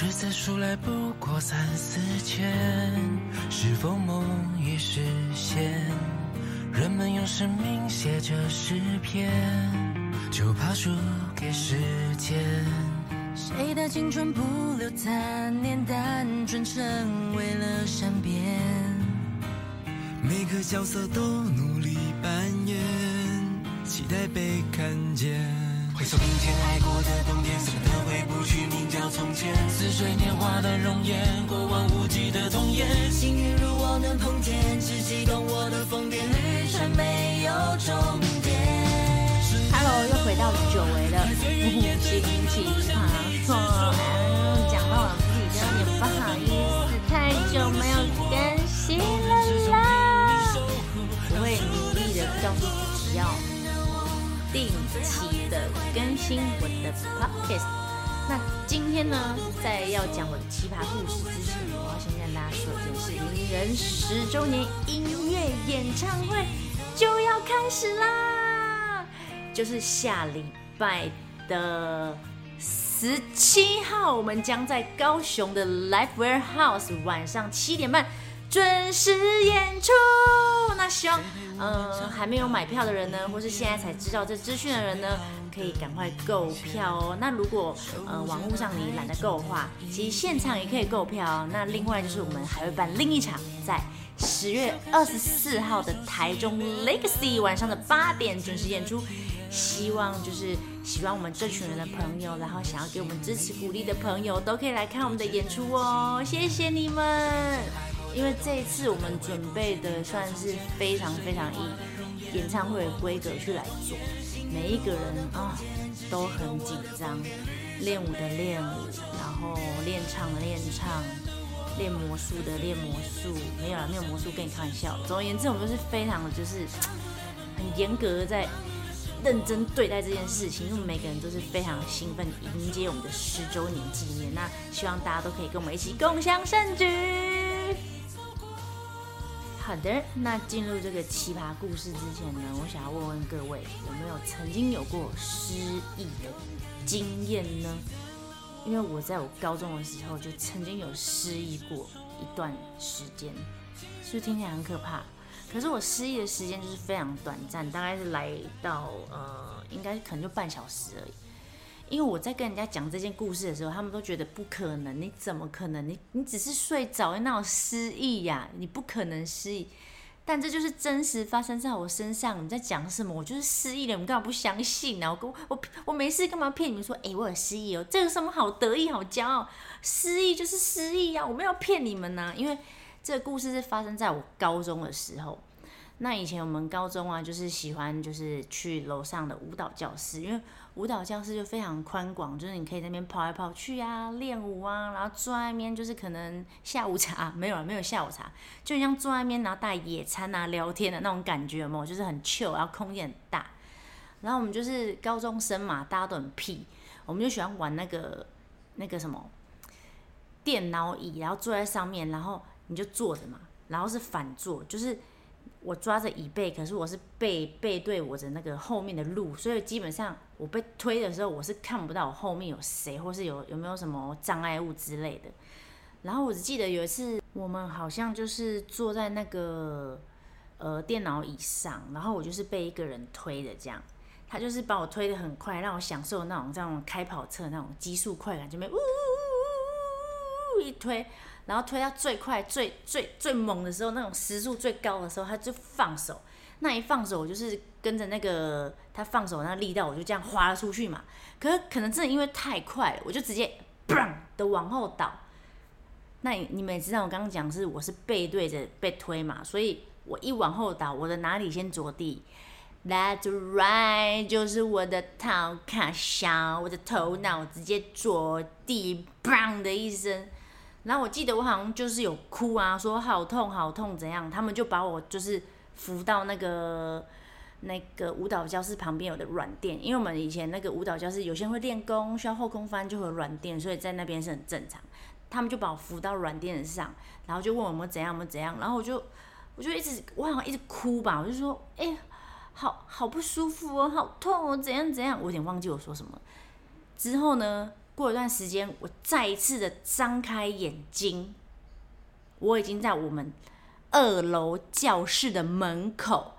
日子數來不過三四千，是否夢已實現？人們用生命寫着詩篇，就怕輸給時間。誰的青春不留殘念？單純成為了善變，每個角色都努力扮演，期待被看見。回首並肩愛過的冬天。 Hello，又回到久違的呼吸計劃。嗯、 啊，講到了自己，真的不好意思，太久沒有更新了啦。你我會努力的，告訴你要定期的更新我的 podcast。今天呢，在要講我的奇葩故事之前，我要先跟大家說一件事，名人十周年音樂演唱會就要開始啦！就是下禮拜的十七號，我們將在高雄的 Live Warehouse 晚上七點半，準時演出，那希望，嗯、呃，還沒有買票的人呢，或是現在才知道這資訊的人呢，可以趕快購票哦。那如果，呃，網路上你懶得購的話，其實現場也可以購票。那另外就是，我們還會辦另一場，在十月二十四號的台中 Legacy 晚上的八點準時演出。希望就是喜歡我們這群人的朋友，然後想要給我們支持鼓勵的朋友，都可以來看我們的演出哦。謝謝你們。因為這一次我們準備的算是非常非常以演唱會的規格去來做，每一個人啊都很緊張，練舞的練舞，然後練唱的練唱，練魔術的練魔術，沒有了，沒有魔術跟你開玩笑。總而言之，我們都是非常的就是很嚴格的在認真對待這件事情，因為我們每個人都是非常興奮迎接我們的十周年紀念。那希望大家都可以跟我們一起共享盛舉。好的，那進入這個奇葩故事之前呢，我想要問問各位，有沒有曾經有過失憶的經驗呢？因為我在我高中的時候就曾經有失憶過一段時間，是不是聽起來很可怕？可是我失憶的時間就是非常短暫，大概是來到，呃，應該可能就半小時而已。因為我在跟人家講這件故事的時候，他們都覺得不可能，你怎麼可能？你你只是睡着那種失憶呀，你不可能失憶。但這就是真實發生在我身上。你在講什麼？我就是失憶了，你們幹嘛不相信呢？我我我沒事，幹嘛騙你們說？哎，我有失憶哦，這有什麼好得意好驕傲？失憶就是失憶啊，我沒有騙你們啊。因為這個故事是發生在我高中的時候。那以前我們高中啊，就是喜歡就是去樓上的舞蹈教室，因為。舞蹈教室就非常寬廣，就是你可以在那邊跑來跑去啊，練舞啊，然後坐在那邊就是可能下午茶、啊、沒有了、啊，沒有下午茶，就像坐在那邊然後帶野餐啊、聊天的那種感覺，有沒有，就是很 chill，然後空間很大。然後我們就是高中生嘛，大家都很屁，我們就喜歡玩那個那個什麼電腦椅，然後坐在上面，然後你就坐着嘛，然後是反坐，就是。我抓着椅背，可是我是背背對我的那個後面的路，所以基本上我被推的時候，我是看不到我後面有誰，或是有有沒有什麼障礙物之類的。然後我只記得有一次，我們好像就是坐在那個呃電腦椅上，然後我就是被一個人推的，這樣，他就是把我推得很快，讓我享受那種這樣開跑車那種急速快感，就沒嗚嗚。一推，然後推到最快、最最最猛的時候，那種時速最高的時候，他就放手。那一放手，我就是跟着那個他放手那力道，我就這樣滑了出去嘛。可是可能真的因為太快了，我就直接砰的往後倒。那你，你們也知道我剛剛講是我是背對着被推嘛，所以我一往後倒，我的哪裡先着地？That's right，就是我的頭卡小，我的頭腦直接着地，砰的一聲。然後我記得我好像就是有哭啊，說好痛好痛怎樣？他們就把我就是扶到那個那個舞蹈教室旁邊有的軟墊，因為我們以前那個舞蹈教室有些人會練功，需要後空翻，就會有軟墊，所以在那邊是很正常。他們就把我扶到軟墊上，然後就問我們怎樣，我們怎樣？然後我就我就一直我好像一直哭吧，我就說哎、欸，好好不舒服哦，好痛哦，怎樣怎樣？我有點忘記我說什麼。之後呢？過一段時間，我再一次的張開眼睛，我已經在我們二樓教室的門口。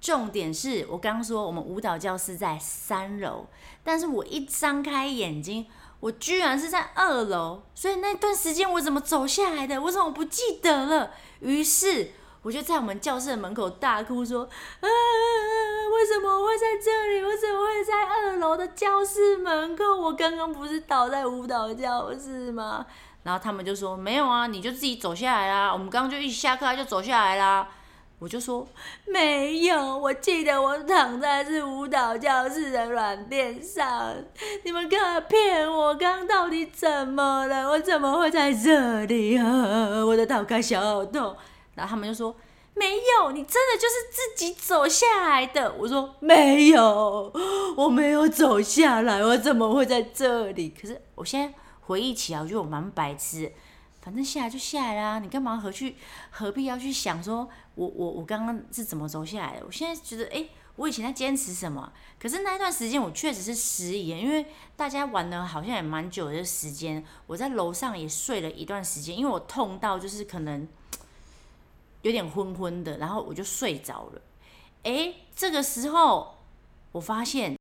重點是我剛剛說我們舞蹈教室在三樓，但是我一張開眼睛，我居然是在二樓。所以那段時間我怎麼走下來的？我怎麼不記得了？於是我就在我們教室的門口大哭說，說、啊啊啊：“為什麼我會在這裡？為什麼我怎麼會在二樓？”我的教室門口，我剛剛不是倒在舞蹈教室嗎？然後他們就說，沒有啊，你就自己走下來啦。我們剛剛就一下課就走下來啦。我就說，沒有，我記得我躺在是舞蹈教室的軟墊上。你們幹嘛騙我？剛到底怎麼了？我怎麼會在這裡啊？我的頭開小痛。然後他們就說，沒有，你真的就是自己走下來的。我說沒有，我沒有走下來，我怎麼會在這裡？可是我現在回憶起來我覺得我蠻白痴。反正下來就下來啦，你幹嘛何去何必要去想說我，我我我剛剛是怎麼走下來的？我現在覺得，誒，我以前在堅持什麼？可是那一段時間我確實是失憶，因為大家玩了好像也蠻久的時間，我在樓上也睡了一段時間，因為我痛到就是可能。有點昏昏的，然後我就睡着了。哎、欸，這個時候我發現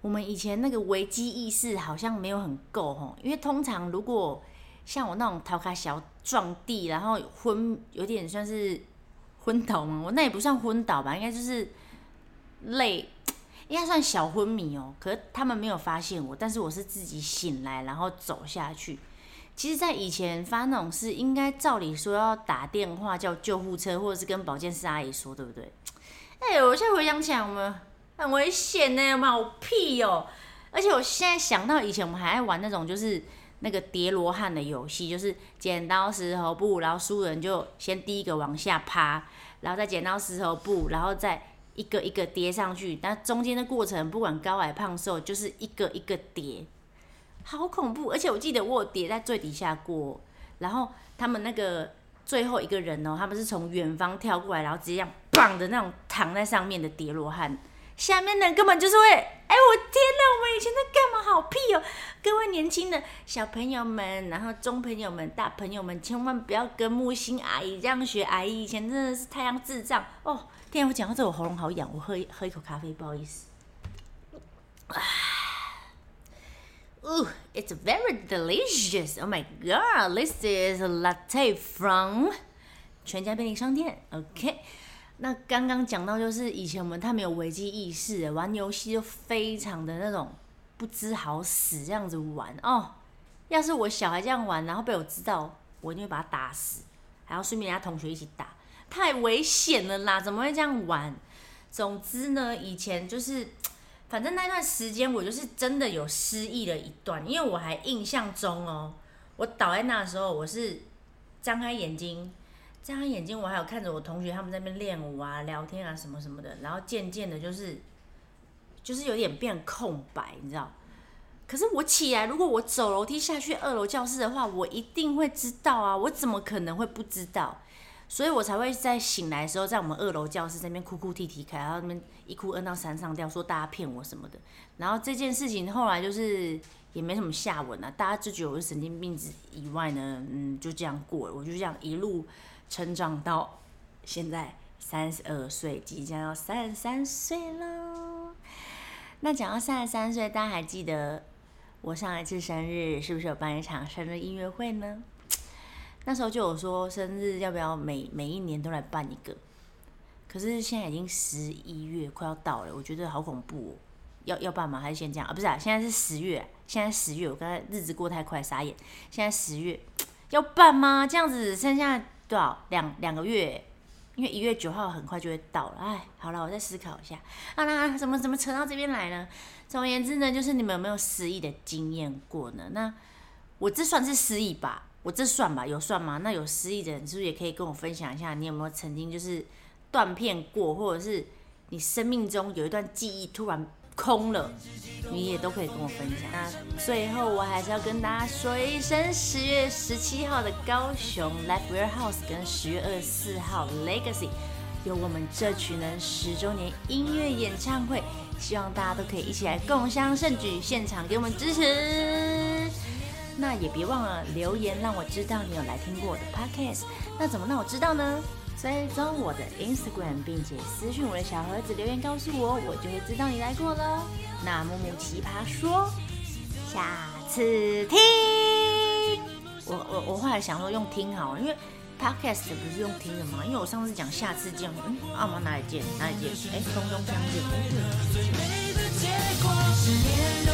我們以前那個危機意識好像沒有很夠吼。因為通常如果像我那種頭卡小撞地，然後昏有點算是昏倒嘛。我那也不算昏倒吧，應該就是累，應該算小昏迷哦、喔。可是他們沒有發現我，但是我是自己醒來，然後走下去。其實，在以前發生那種事，應該照理說要打電話叫救護車，或者是跟保健室阿姨說，對不對？哎，我現在回想起來，我們很危險呢、欸，好屁哦？而且我現在想到以前我們還愛玩那種，就是那個疊羅漢的遊戲，就是剪刀石頭布，然後輸人就先第一個往下趴，然後再剪刀石頭布，然後再一個一個疊上去。但中間的過程，不管高矮胖瘦，就是一個一個疊。好恐怖！而且我記得我有疊在最底下過，然後他們那個最後一個人哦，他們是從遠方跳過來，然後直接這樣砰的那種躺在上面的疊羅漢，下面人根本就是會，哎我天吶，我們以前在幹嘛？好屁哦！各位年輕的小朋友們，然後中朋友們、大朋友們，千萬不要跟木星阿姨這樣學，阿姨以前真的是太陽智障哦！天，我講到這我喉嚨好癢，我喝一喝一口咖啡，不好意思。Oh, it's very delicious. Oh my God, this is a latte from 全家便利商店。OK, 那剛剛講到就是以前我們太沒有危機意識，玩遊戲就非常的那種不知好死這樣子玩哦。Oh, 要是我小孩這樣玩，然後被我知道，我一定會把他打死，還要順便連他同學一起打，太危險了啦！怎麼會這樣玩？總之呢，以前就是。反正那段時間，我就是真的有失憶了一段，因為我還印象中哦、喔，我倒在那的時候，我是張開眼睛，張開眼睛，我還有看着我同學他們在那邊練舞啊、聊天啊什麼什麼的，然後漸漸的，就是就是有點變空白，你知道？可是我起來，如果我走樓梯下去二樓教室的話，我一定會知道啊，我怎麼可能會不知道？所以我才會在醒來的時候，在我們二樓教室那邊哭哭啼啼開，然後那邊一哭、二鬧、三上吊，說大家騙我什麼的。然後這件事情後來就是也沒什麼下文了、啊，大家就覺得我是神經病子以外呢，嗯，就這樣過了。我就這樣一路成長到現在三十二歲，即將要三十三歲嘍。那講到三十三歲，大家還記得我上一次生日是不是有辦一場生日音樂會呢？那時候就有說生日要不要每每一年都來辦一個，可是現在已經十一月快要到了，我覺得好恐怖，哦要，要要辦嗎？還是先這樣啊？不是啊，現在是十月，啊，現在十月，我剛才日子過太快，傻眼。現在十月要辦嗎？這樣子剩下多少兩兩個月？因為一月九號很快就會到了。哎，好了，我再思考一下啊。啊那怎麼怎麼扯到這邊來呢？總而言之呢，就是你們有沒有失憶的經驗過呢？那我這算是失憶吧？我這算吧，有算嗎？那有失憶的人是不是也可以跟我分享一下，你有沒有曾經就是斷片過，或者是你生命中有一段記憶突然空了，你也都可以跟我分享。那最後我還是要跟大家說一聲，十月十七號的高雄 Live Warehouse 跟十月二十四號 Legacy，有我們這群人十周年音樂演唱會，希望大家都可以一起來共襄盛舉，現場給我們支持。那也別忘了留言，讓我知道你有來聽過我的 podcast。那怎麼讓我知道呢？追蹤我的 Instagram，並且私訊我的小盒子留言告訴我，我就會知道你來過了。那木木奇葩說，下次聽。我我我後來想說用聽好了，因為 podcast 不是用聽的嗎？因為我上次講下次見，嗯，阿、啊、媽哪裡見哪裡見？哎，空、欸、中相遇。嗯嗯。